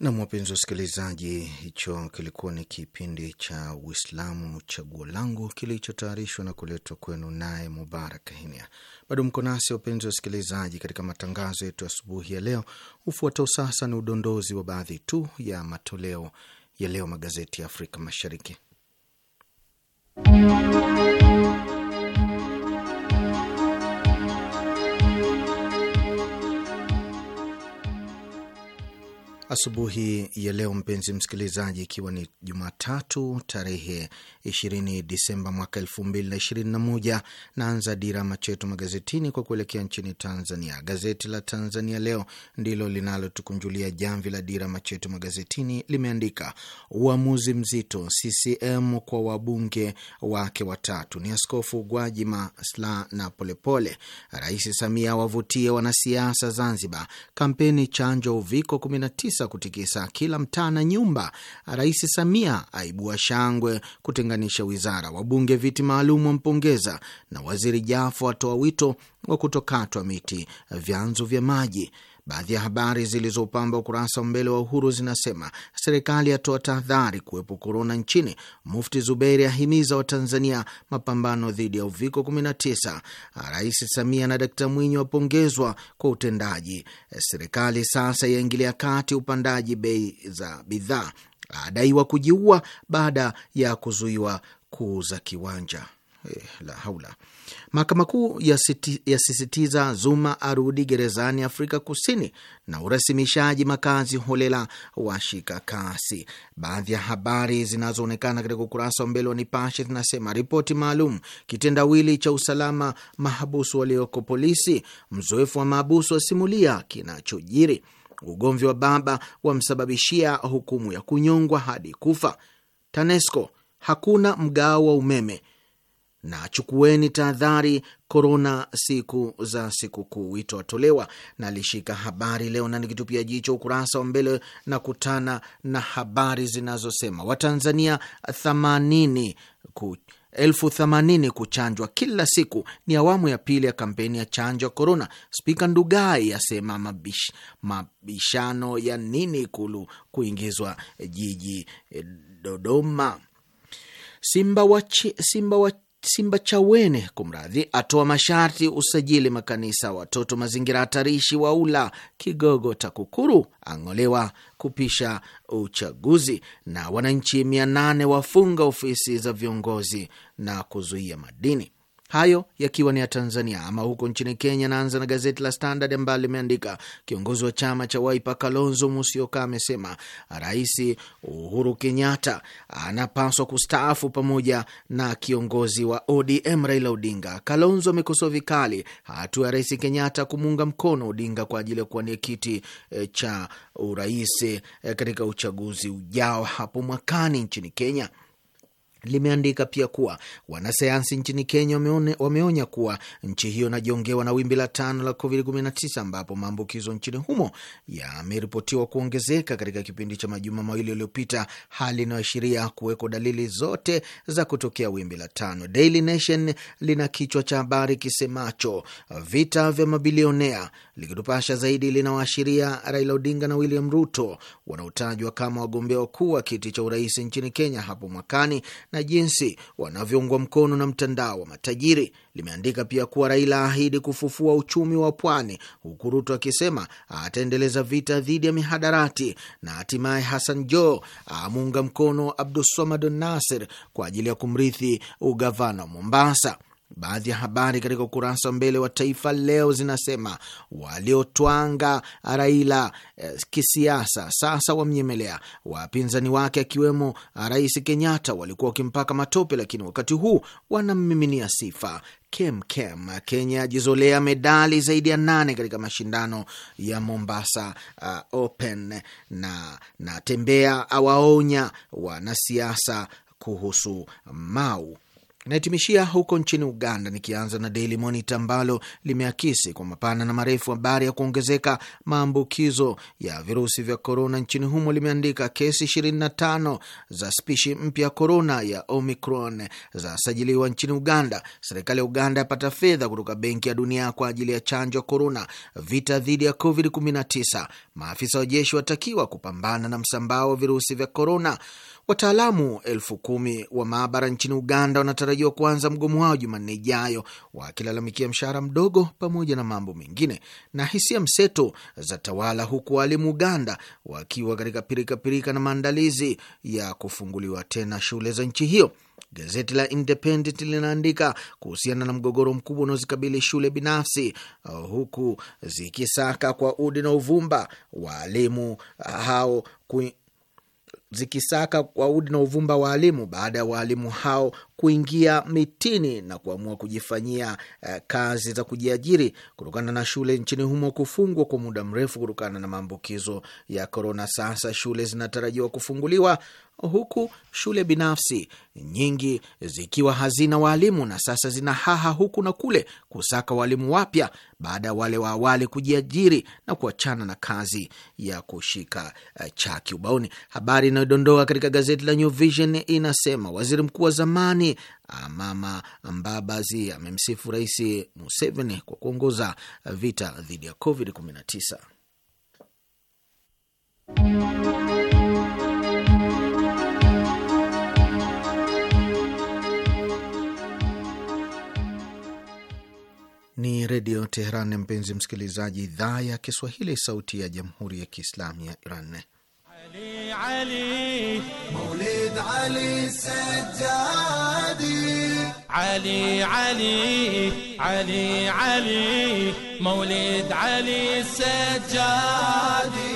Nam, wapenzi wasikilizaji, hicho kilikuwa ni kipindi cha Uislamu chaguo langu kilichotayarishwa na kuletwa kwenu naye Mubarak Hinia. Bado mko nasi wapenzi wasikilizaji, katika matangazo yetu asubuhi ya leo. Ufuatao sasa ni udondozi wa baadhi tu ya matoleo ya leo magazeti ya Afrika Mashariki. asubuhi ya leo, mpenzi msikilizaji, ikiwa ni Jumatatu tarehe 20 Disemba mwaka 2021, naanza dira machetu magazetini kwa kuelekea nchini Tanzania. Gazeti la Tanzania Leo ndilo linalotukunjulia jamvi la dira machetu magazetini. Limeandika uamuzi mzito CCM kwa wabunge wake watatu, ni askofu Ugwaji Masla na Polepole. Rais Samia wavutia wanasiasa Zanzibar, kampeni chanjo uviko 19 Ufaransa kutikisa kila mtaa na nyumba. Rais Samia aibua shangwe kutenganisha wizara, wabunge viti maalum wampongeza, na waziri Jafo atoa wito wa kutokatwa miti vyanzo vya maji. Baadhi ya habari zilizopamba ukurasa wa mbele wa Uhuru zinasema serikali yatoa tahadhari kuwepo korona nchini. Mufti Zuberi ahimiza Watanzania mapambano dhidi ya uviko 19. Rais Samia na Dkt Mwinyi wapongezwa kwa utendaji. Serikali sasa yaingilia kati upandaji bei za bidhaa. Adaiwa kujiua baada ya kuzuiwa kuuza kiwanja. Eh, la haula Mahakama Kuu yasisitiza Zuma arudi gerezani Afrika Kusini, na urasimishaji makazi holela wa shika kasi. Baadhi ya habari zinazoonekana katika ukurasa wa mbele wa Nipashe zinasema ripoti maalum, kitendawili cha usalama, mahabusu walioko polisi, mzoefu wa mahabusu asimulia kinachojiri, ugomvi wa baba wamsababishia hukumu ya kunyongwa hadi kufa, TANESCO hakuna mgao wa umeme na chukueni tahadhari korona siku za sikukuu, wito watolewa. Na alishika habari leo na nikitupia jicho ukurasa wa mbele na kutana na habari zinazosema Watanzania themanini ku elfu themanini kuchanjwa kila siku ni awamu ya pili ya kampeni ya chanjo ya korona. Spika Ndugai asema mabish, mabishano ya nini Ikulu kuingizwa jiji Dodoma. Simba Simba wa simba chawene kumradhi, atoa masharti usajili makanisa watoto mazingira hatarishi waula. Kigogo TAKUKURU ang'olewa kupisha uchaguzi, na wananchi mia nane wafunga ofisi za viongozi na kuzuia madini hayo yakiwa ni ya Tanzania. Ama huko nchini Kenya, naanza na gazeti la Standard ambayo limeandika kiongozi wa chama cha Waipa Kalonzo Musyoka amesema Rais Uhuru Kenyatta anapaswa kustaafu pamoja na kiongozi wa ODM Raila Odinga. Kalonzo amekosoa vikali hatua ya Rais Kenyatta kumuunga mkono Odinga kwa ajili ya kuwania kiti e, eh, cha urais e, katika uchaguzi ujao hapo mwakani nchini Kenya limeandika pia kuwa wanasayansi nchini Kenya wameonya kuwa nchi hiyo inajiongewa na wimbi la tano la COVID-19 ambapo maambukizo nchini humo yameripotiwa kuongezeka katika kipindi cha majuma mawili yaliyopita, hali inayoashiria kuweko dalili zote za kutokea wimbi la tano. Daily Nation lina kichwa cha habari kisemacho vita vya mabilionea, likitupasha zaidi linawaashiria Raila Odinga na William Ruto wanaotajwa kama wagombea wakuu wa kiti cha urais nchini Kenya hapo mwakani na jinsi wanavyoungwa mkono na mtandao wa matajiri. Limeandika pia kuwa Raila ahidi kufufua uchumi wa pwani, huku Ruto akisema ataendeleza vita dhidi ya mihadarati, na hatimaye Hassan Jo amuunga mkono Abdussamad Nasir kwa ajili ya kumrithi ugavana wa Mombasa. Baadhi ya habari katika ukurasa wa mbele wa Taifa Leo zinasema waliotwanga Raila eh, kisiasa sasa wamnyemelea. Wapinzani wake akiwemo Rais Kenyatta walikuwa wakimpaka matope, lakini wakati huu wanammiminia sifa. Kemkem Kenya ajizolea medali zaidi ya nane katika mashindano ya Mombasa uh, Open na na tembea awaonya wanasiasa kuhusu Mau naitimishia huko nchini Uganda, nikianza na Daily Monitor ambalo limeakisi kwa mapana na marefu habari ya kuongezeka maambukizo ya virusi vya korona nchini humo. Limeandika kesi 25 za spishi mpya ya korona ya Omicron zasajiliwa nchini Uganda. Serikali ya Uganda yapata fedha kutoka Benki ya Dunia kwa ajili ya chanjo ya korona. Vita dhidi ya COVID-19. Maafisa wa jeshi watakiwa kupambana na msambao wa virusi vya korona. Wataalamu elfu kumi wa maabara nchini Uganda wanatarajiwa kuanza mgomo wao Jumanne ijayo wakilalamikia mshahara mdogo pamoja na mambo mengine. Na hisia mseto za tawala, huku waalimu Uganda wakiwa katika pirikapirika na maandalizi ya kufunguliwa tena shule za nchi hiyo. Gazeti la Independent linaandika kuhusiana na mgogoro mkubwa unaozikabili shule binafsi, huku zikisaka kwa udi na uvumba waalimu hao kui zikisaka kwa udi na uvumba waalimu baada ya waalimu hao kuingia mitini na kuamua kujifanyia uh, kazi za kujiajiri kutokana na shule nchini humo kufungwa kwa muda mrefu kutokana na maambukizo ya korona. Sasa shule zinatarajiwa kufunguliwa huku shule binafsi nyingi zikiwa hazina waalimu na sasa zina haha huku na kule kusaka waalimu wapya baada ya wale wa awali kujiajiri na kuachana na kazi ya kushika eh, chaki ubaoni. Habari inayodondoka katika gazeti la New Vision inasema waziri mkuu wa zamani ah, mama Mbabazi amemsifu Rais Museveni kwa kuongoza eh, vita dhidi ya COVID-19. Ni Redio Teheran, mpenzi msikilizaji, idhaa ya Kiswahili, sauti ya jamhuri ya kiislamu ya Iran. Ali, Ali, Maulid Ali Sajjadi. Ali, Ali, Ali, Ali, Maulid Ali Sajjadi.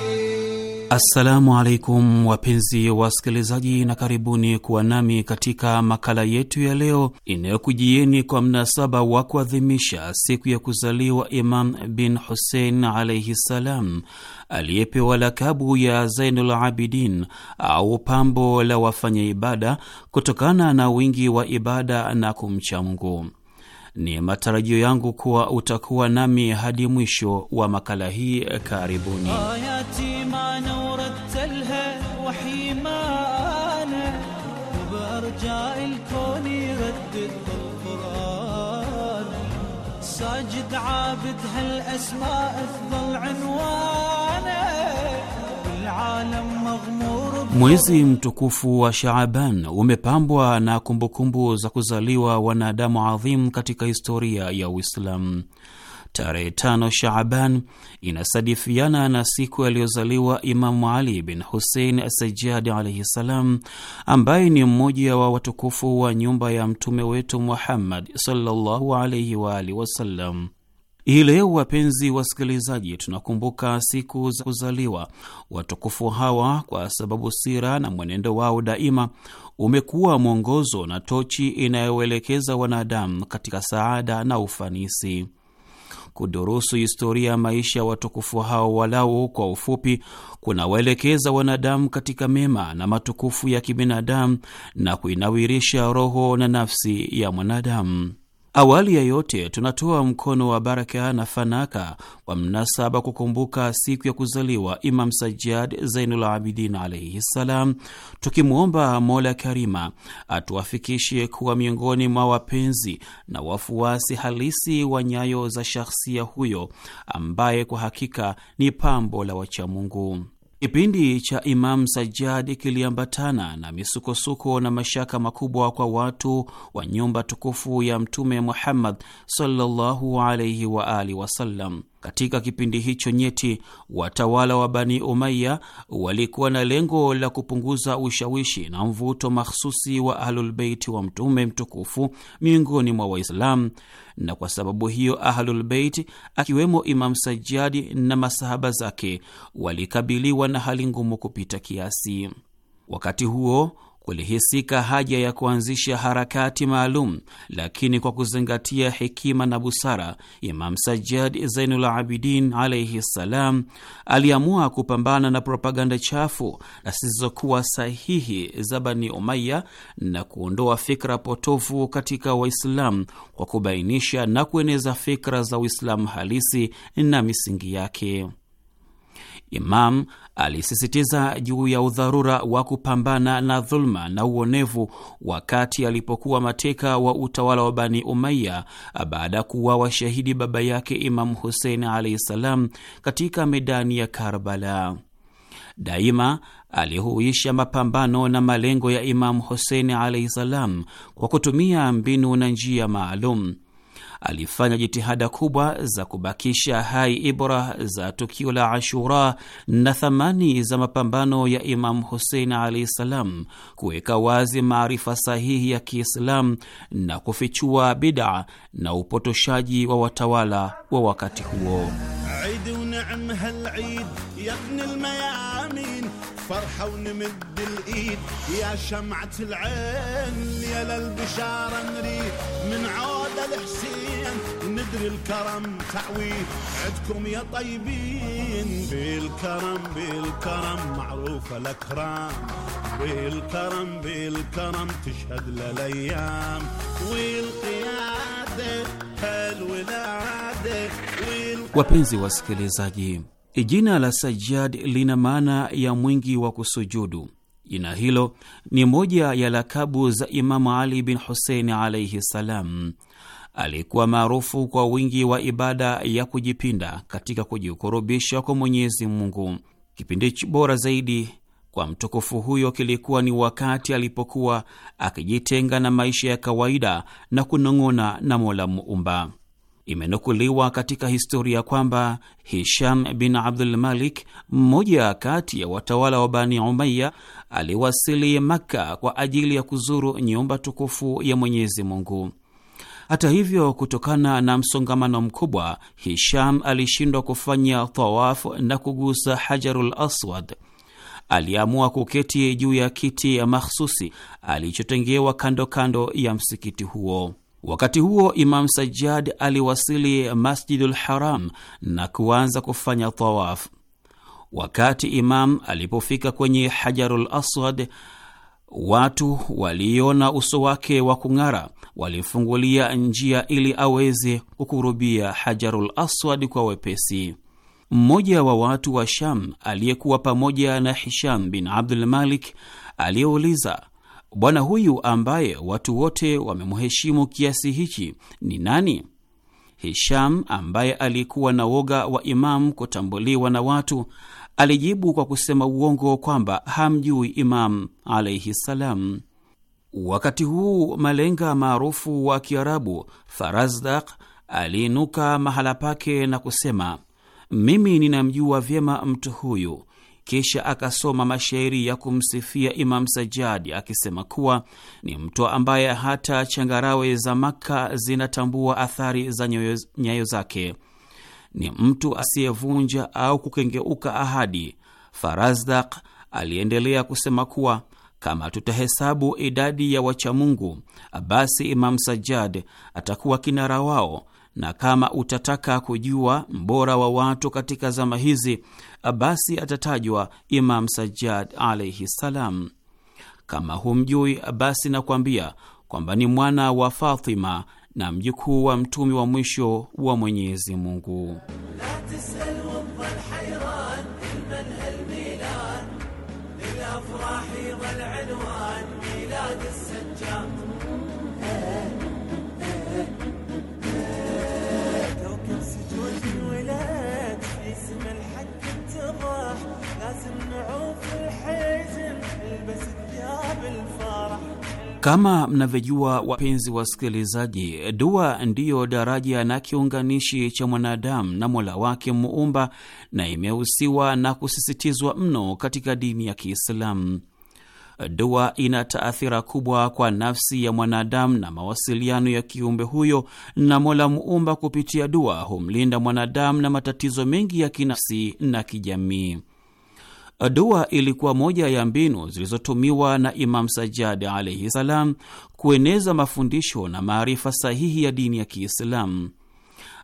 Assalamu alaikum wapenzi wasikilizaji, na karibuni kuwa nami katika makala yetu ya leo inayokujieni kwa mnasaba wa kuadhimisha siku ya kuzaliwa Imam bin Hussein alaihi ssalam, aliyepewa lakabu ya Zainul Abidin au pambo la wafanya ibada kutokana na wingi wa ibada na kumcha Mungu. Ni matarajio yangu kuwa utakuwa nami hadi mwisho wa makala hii. Karibuni. ساجد عابد هالاسماء افضل عنوانه Mwezi mtukufu wa Shaaban umepambwa na kumbukumbu kumbu za kuzaliwa wanadamu adhimu katika historia ya Uislamu. Tarehe tano Shaaban inasadifiana na siku aliyozaliwa Imamu Ali bin Husein Asajadi alaihi ssalam, ambaye ni mmoja wa watukufu wa nyumba ya mtume wetu Muhammad sallallahu alaihi waalihi wasallam. Hii leo wapenzi wasikilizaji, tunakumbuka siku za kuzaliwa watukufu hawa, kwa sababu sira na mwenendo wao daima umekuwa mwongozo na tochi inayoelekeza wanadamu katika saada na ufanisi. Kudurusu historia ya maisha ya watukufu hao walau kwa ufupi, kunawaelekeza wanadamu katika mema na matukufu ya kibinadamu na kuinawirisha roho na nafsi ya mwanadamu. Awali ya yote tunatoa mkono wa baraka na fanaka wa mnasaba kukumbuka siku ya kuzaliwa Imam Sajjad Zainul Abidin alaihi ssalam, tukimwomba Mola Karima atuafikishe kuwa miongoni mwa wapenzi na wafuasi halisi wa nyayo za shakhsia huyo ambaye kwa hakika ni pambo la wachamungu. Kipindi cha Imam Sajjad kiliambatana na misukosuko na mashaka makubwa kwa watu wa nyumba tukufu ya Mtume Muhammad sallallahu alaihi wa alihi wasallam. Katika kipindi hicho nyeti, watawala wa Bani Umaya walikuwa na lengo la kupunguza ushawishi na mvuto makhususi wa Ahlulbeiti wa Mtume mtukufu miongoni mwa Waislamu, na kwa sababu hiyo Ahlulbeiti akiwemo Imam Sajjadi na masahaba zake walikabiliwa na hali ngumu kupita kiasi. Wakati huo kulihisika haja ya kuanzisha harakati maalum, lakini kwa kuzingatia hekima na busara, Imam Sajjad Zainul Abidin alaihi ssalam aliamua kupambana na propaganda chafu na zisizokuwa sahihi za Bani Umaya na kuondoa fikra potofu katika Waislamu kwa kubainisha na kueneza fikra za Uislamu halisi na misingi yake. Imam alisisitiza juu ya udharura wa kupambana na dhuluma na uonevu wakati alipokuwa mateka wa utawala wa Bani Umaya baada ya kuwa shahidi baba yake Imamu Husein alaihi ssalam katika medani ya Karbala. Daima alihuisha mapambano na malengo ya Imamu Husein alaihi ssalam kwa kutumia mbinu na njia maalum alifanya jitihada kubwa za kubakisha hai ibra za tukio la Ashura na thamani za mapambano ya Imamu Husein alaihi salam, kuweka wazi maarifa sahihi ya Kiislamu na kufichua bidaa na upotoshaji wa watawala wa wakati huo. فرحة ونمد الإيد يا شمعة العين يا للبشارة نريد من عودة الحسين ندري الكرم تعويد عدكم يا طيبين بالكرم بالكرم معروفة الأكرام بالكرم بالكرم تشهد للأيام والقيادة الولادة والقيادة. واسكلي wasikilizaji E, jina la Sajjad lina maana ya mwingi wa kusujudu. Jina hilo ni moja ya lakabu za Imamu Ali bin Husein alaihi salam. Alikuwa maarufu kwa wingi wa ibada ya kujipinda katika kujikurubisha kwa Mwenyezi Mungu. Kipindi bora zaidi kwa mtukufu huyo kilikuwa ni wakati alipokuwa akijitenga na maisha ya kawaida na kunong'ona na Mola Muumba. Imenukuliwa katika historia kwamba Hisham bin Abdul Malik, mmoja kati ya watawala wa Bani umaya aliwasili Makka kwa ajili ya kuzuru nyumba tukufu ya Mwenyezi Mungu. Hata hivyo, kutokana na msongamano mkubwa, Hisham alishindwa kufanya tawafu na kugusa Hajarul Aswad. Aliamua kuketi juu ya kiti ya makhsusi alichotengewa kando kando ya msikiti huo. Wakati huo Imam Sajjad aliwasili Masjidul Haram na kuanza kufanya tawaf. Wakati Imam alipofika kwenye Hajarul Aswad, watu waliona uso wake wa kung'ara, walimfungulia njia ili aweze kukurubia Hajarul Aswad kwa wepesi. Mmoja wa watu wa Sham aliyekuwa pamoja na Hisham bin Abdul Malik aliyeuliza Bwana huyu ambaye watu wote wamemheshimu kiasi hichi ni nani? Hisham ambaye alikuwa na woga wa Imamu kutambuliwa na watu alijibu kwa kusema uongo kwamba hamjui Imamu alaihi ssalam. Wakati huu malenga maarufu wa Kiarabu Farazdak aliinuka mahala pake na kusema, mimi ninamjua vyema mtu huyu kisha akasoma mashairi ya kumsifia Imam Sajadi akisema kuwa ni mtu ambaye hata changarawe za Maka zinatambua athari za nyayo zake. Ni mtu asiyevunja au kukengeuka ahadi. Farazdak aliendelea kusema kuwa kama tutahesabu idadi ya wachamungu, basi Imam sajad atakuwa kinara wao na kama utataka kujua mbora wa watu katika zama hizi, basi atatajwa Imam Sajjad alaihi salam. Kama humjui, basi nakwambia kwamba ni mwana wa Fatima na mjukuu wa mtumi wa mwisho wa Mwenyezi Mungu. Kama mnavyojua wapenzi wasikilizaji, dua ndiyo daraja na kiunganishi cha mwanadamu na mola wake Muumba, na imehusiwa na kusisitizwa mno katika dini ya Kiislamu. Dua ina taathira kubwa kwa nafsi ya mwanadamu na mawasiliano ya kiumbe huyo na mola Muumba. Kupitia dua humlinda mwanadamu na matatizo mengi ya kinafsi na kijamii. Dua ilikuwa moja ya mbinu zilizotumiwa na Imam Sajjad alaihi salam kueneza mafundisho na maarifa sahihi ya dini ya Kiislamu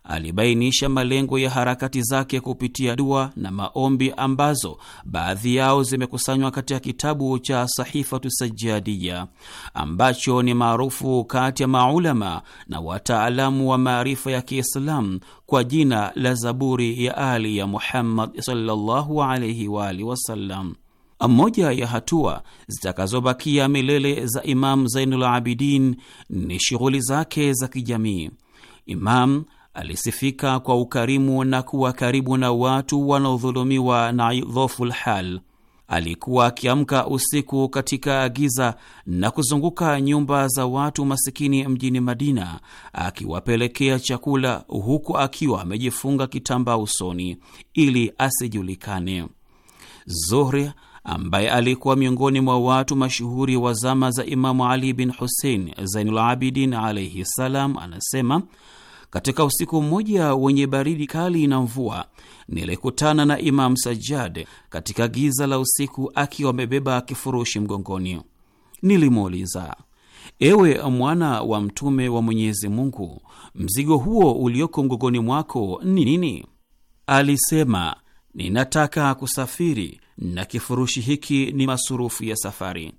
alibainisha malengo ya harakati zake kupitia dua na maombi ambazo baadhi yao zimekusanywa katika kitabu cha Sahifatu sajadiya ambacho ni maarufu kati ya maulama na wataalamu wa maarifa ya Kiislamu kwa jina la Zaburi ya Ali ya Muhammad sallallahu alaihi wa alihi wasallam. Moja ya hatua zitakazobakia milele za Imam Zainul Abidin ni shughuli zake za kijamii. Imam alisifika kwa ukarimu na kuwa karibu na watu wanaodhulumiwa na idhofu lhal. Alikuwa akiamka usiku katika giza na kuzunguka nyumba za watu masikini mjini Madina akiwapelekea chakula, huku akiwa amejifunga kitambaa usoni ili asijulikane. Zuhri ambaye alikuwa miongoni mwa watu mashuhuri wa zama za Imamu Ali bin Husein Zainulabidin alaihi ssalam, anasema katika usiku mmoja wenye baridi kali na mvua, nilikutana na imam Sajjad katika giza la usiku akiwa amebeba kifurushi mgongoni. Nilimuuliza, ewe mwana wa mtume wa Mwenyezi Mungu, mzigo huo ulioko mgongoni mwako ni nini? Alisema, ninataka kusafiri na kifurushi hiki ni masurufu ya safari.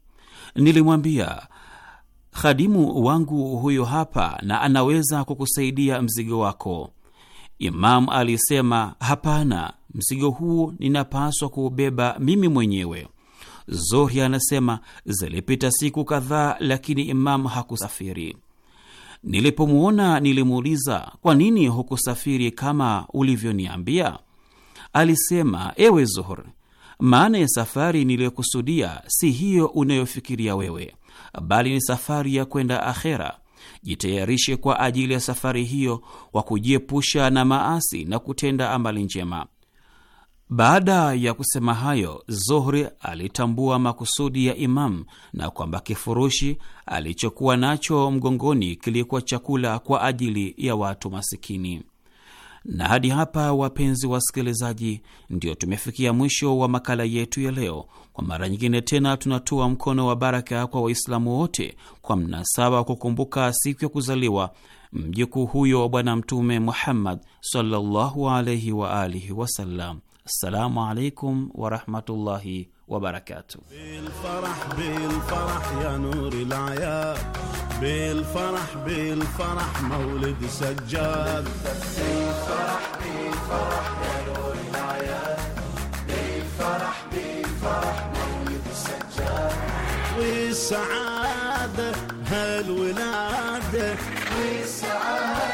Nilimwambia, khadimu wangu huyo hapa na anaweza kukusaidia mzigo wako. Imamu alisema, hapana, mzigo huu ninapaswa kuubeba mimi mwenyewe. Zohri anasema zilipita siku kadhaa, lakini imamu hakusafiri. Nilipomwona nilimuuliza, kwa nini hukusafiri kama ulivyoniambia? Alisema, ewe Zohri, maana ya safari niliyokusudia si hiyo unayofikiria wewe bali ni safari ya kwenda akhera. Jitayarishe kwa ajili ya safari hiyo kwa kujiepusha na maasi na kutenda amali njema. Baada ya kusema hayo, Zuhri alitambua makusudi ya Imamu na kwamba kifurushi alichokuwa nacho mgongoni kilikuwa chakula kwa ajili ya watu masikini. Na hadi hapa, wapenzi wasikilizaji, ndio tumefikia mwisho wa makala yetu ya leo. Kwa mara nyingine tena, tunatoa mkono wa baraka kwa Waislamu wote kwa mnasaba wa kukumbuka siku ya kuzaliwa mjukuu huyo wa Bwana Mtume Muhammad sallallahu alaihi wa alihi wasallam. السلام عليكم ورحمة الله وبركاته بالفرح بالفرح يا نور العيال بالفرح بالفرح مولد سجاد بالفرح بالفرح يا نور العيال بالفرح بالفرح مولد سجاد والسعادة هالولادة والسعادة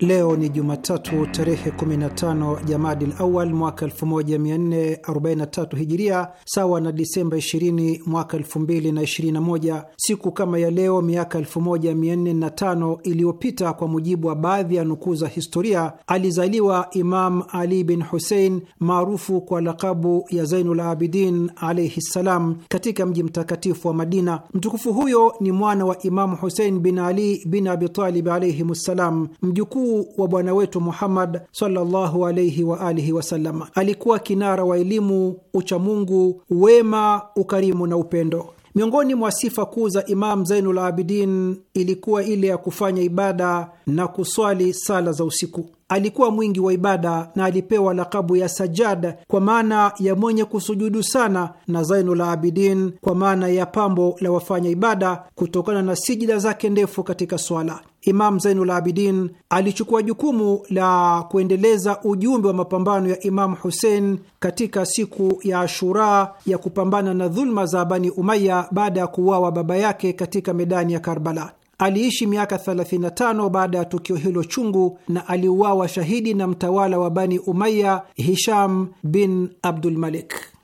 Leo ni Jumatatu tarehe 15 Jamadil Awal mwaka 1443 Hijiria, sawa na Disemba 20 mwaka 2021. Siku kama ya leo miaka 1405 iliyopita, kwa mujibu wa baadhi ya nukuu za historia, alizaliwa Imam Ali bin Husein maarufu kwa lakabu ya Zainul Abidin alaihi ssalam, katika mji mtakatifu wa Madina. Mtukufu huyo ni mwana wa Imamu Husein bin Ali bin Abitalib alaihim ssalam, mjukuu mkuu wa bwana wetu Muhammad sallallahu alaihi wa alihi wasallam. Alikuwa kinara wa elimu, uchamungu, wema, ukarimu na upendo. Miongoni mwa sifa kuu za Imam Zainul Abidin ilikuwa ile ya kufanya ibada na kuswali sala za usiku alikuwa mwingi wa ibada na alipewa lakabu ya Sajad kwa maana ya mwenye kusujudu sana, na Zainul Abidin kwa maana ya pambo la wafanya ibada, kutokana na sijida zake ndefu katika swala. Imam Zainul Abidin alichukua jukumu la kuendeleza ujumbe wa mapambano ya Imamu Husein katika siku ya Ashura ya kupambana na dhuluma za Bani Umaya baada ya kuuawa baba yake katika medani ya Karbala. Aliishi miaka 35 baada ya tukio hilo chungu na aliuawa shahidi na mtawala wa Bani Umaya Hisham bin Abdul Malik.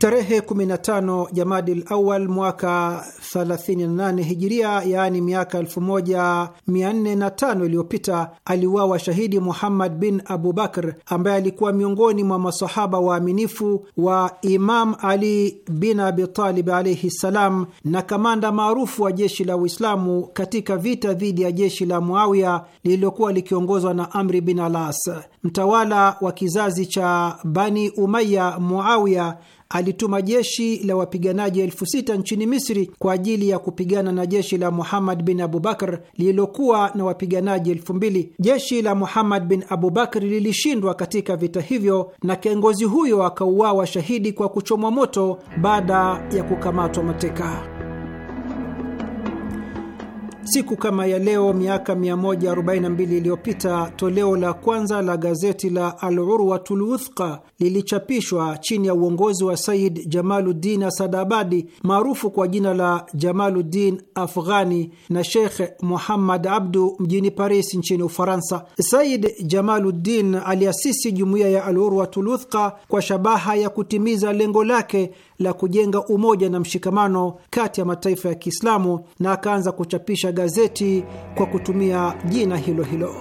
Tarehe 15 Jamadil Awal mwaka 38 Hijiria, yaani miaka 1405 iliyopita, aliuawa shahidi Muhammad bin Abubakr ambaye alikuwa miongoni mwa masahaba waaminifu wa Imam Ali bin Abitalib alaihi ssalam, na kamanda maarufu wa jeshi la Uislamu katika vita dhidi ya jeshi la Muawiya lililokuwa likiongozwa na Amri bin Alas, mtawala wa kizazi cha Bani Umaya Muawiya alituma jeshi la wapiganaji elfu sita nchini Misri kwa ajili ya kupigana na jeshi la Muhammad bin Abubakar lililokuwa na wapiganaji elfu mbili. Jeshi la Muhammad bin Abubakar lilishindwa katika vita hivyo na kiongozi huyo akauawa shahidi kwa kuchomwa moto baada ya kukamatwa mateka. Siku kama ya leo miaka 142 iliyopita toleo la kwanza la gazeti la Al Urwatul Wuthqa lilichapishwa chini ya uongozi wa Said Jamaluddin Asadabadi maarufu kwa jina la Jamaluddin Afghani na Sheikh Muhammad Abdu mjini Paris nchini Ufaransa. Said Jamaluddin aliasisi jumuiya ya Al Urwatul Wuthqa kwa shabaha ya kutimiza lengo lake la kujenga umoja na mshikamano kati ya mataifa ya Kiislamu na akaanza kuchapisha gazeti kwa kutumia jina hilo hilo.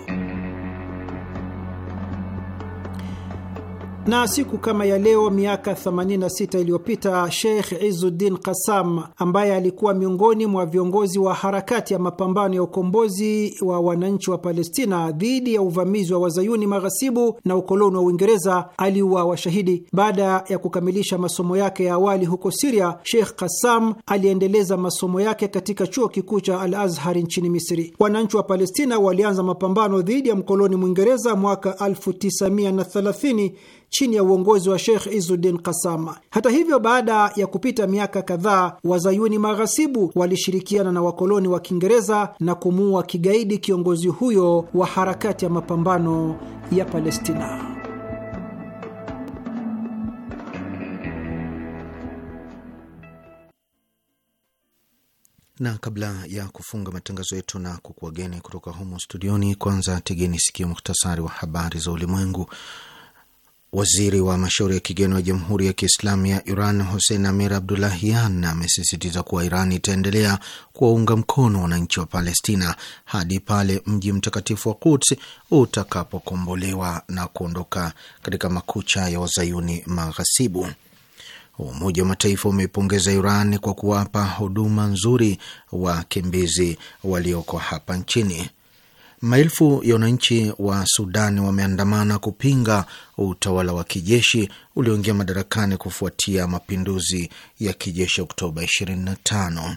na siku kama ya leo miaka 86 iliyopita Sheikh Izuddin Kasam ambaye alikuwa miongoni mwa viongozi wa harakati ya mapambano ya ukombozi wa wananchi wa Palestina dhidi ya uvamizi wa wazayuni maghasibu na ukoloni wa Uingereza aliuawa shahidi. Baada ya kukamilisha masomo yake ya awali huko Siria, Sheikh Kasam aliendeleza masomo yake katika chuo kikuu cha Al Azhar nchini Misri. Wananchi wa Palestina walianza mapambano dhidi ya mkoloni Mwingereza mwaka 1930 chini ya uongozi wa Sheikh Izuddin Kasama. Hata hivyo, baada ya kupita miaka kadhaa, wazayuni maghasibu walishirikiana na wakoloni wa Kiingereza na kumuua kigaidi kiongozi huyo wa harakati ya mapambano ya Palestina. na kabla ya kufunga matangazo yetu na kukuwageni kutoka humo studioni, kwanza tegeni sikio muhtasari wa habari za ulimwengu. Waziri wa mashauri ya kigeni wa Jamhuri ya Kiislamu ya Iran Hussein Amir Abdulahian amesisitiza kuwa Iran itaendelea kuwaunga mkono wananchi wa Palestina hadi pale mji mtakatifu wa Quds utakapokombolewa na kuondoka katika makucha ya wazayuni maghasibu. Umoja wa Mataifa umeipongeza Iran kwa kuwapa huduma nzuri wakimbizi walioko hapa nchini. Maelfu ya wananchi wa Sudani wameandamana kupinga utawala wa kijeshi ulioingia madarakani kufuatia mapinduzi ya kijeshi Oktoba 25.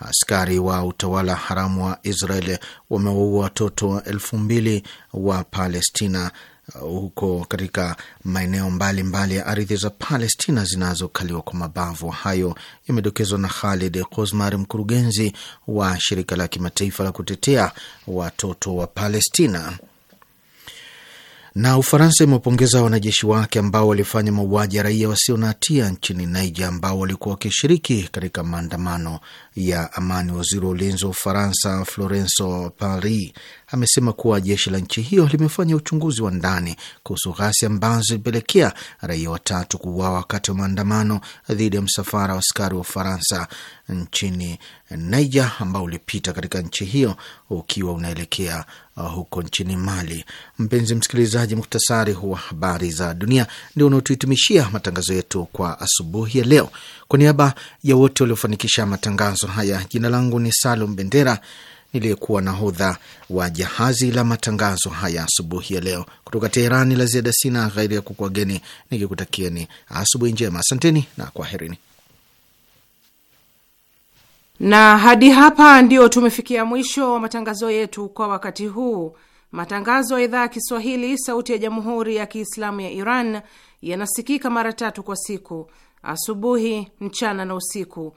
Askari wa utawala haramu wa Israel wamewaua watoto elfu mbili wa Palestina Uh, huko katika maeneo mbalimbali ya ardhi za Palestina zinazokaliwa kwa mabavu. Hayo yamedokezwa na Khalid Kosmar, mkurugenzi wa shirika la kimataifa la kutetea watoto wa Palestina. Na Ufaransa imewapongeza wanajeshi wake ambao walifanya mauaji ya raia wasio na hatia nchini Niger, ambao walikuwa wakishiriki katika maandamano ya amani. Waziri wa ulinzi wa Ufaransa Florenco Paris amesema kuwa jeshi la nchi hiyo limefanya uchunguzi wa ndani kuhusu ghasia ambazo zilipelekea raia watatu kuuawa wakati wa maandamano dhidi ya msafara wa askari wa Ufaransa nchini Niger ambao ulipita katika nchi hiyo ukiwa unaelekea uh, huko nchini Mali. Mpenzi msikilizaji, muktasari wa habari za dunia ndio unaotuhitimishia matangazo yetu kwa asubuhi ya leo. Kwa niaba ya wote waliofanikisha matangazo haya, jina langu ni Salum Bendera iliyekuwa nahodha wa jahazi la matangazo haya asubuhi ya leo kutoka Teherani. La ziada sina ghairi ya kukuageni nikikutakieni asubuhi njema. Asanteni na kwaherini. Na hadi hapa ndio tumefikia mwisho wa matangazo yetu kwa wakati huu. Matangazo ya idhaa ya Kiswahili sauti ya jamhuri ya Kiislamu ya Iran yanasikika mara tatu kwa siku: asubuhi, mchana na usiku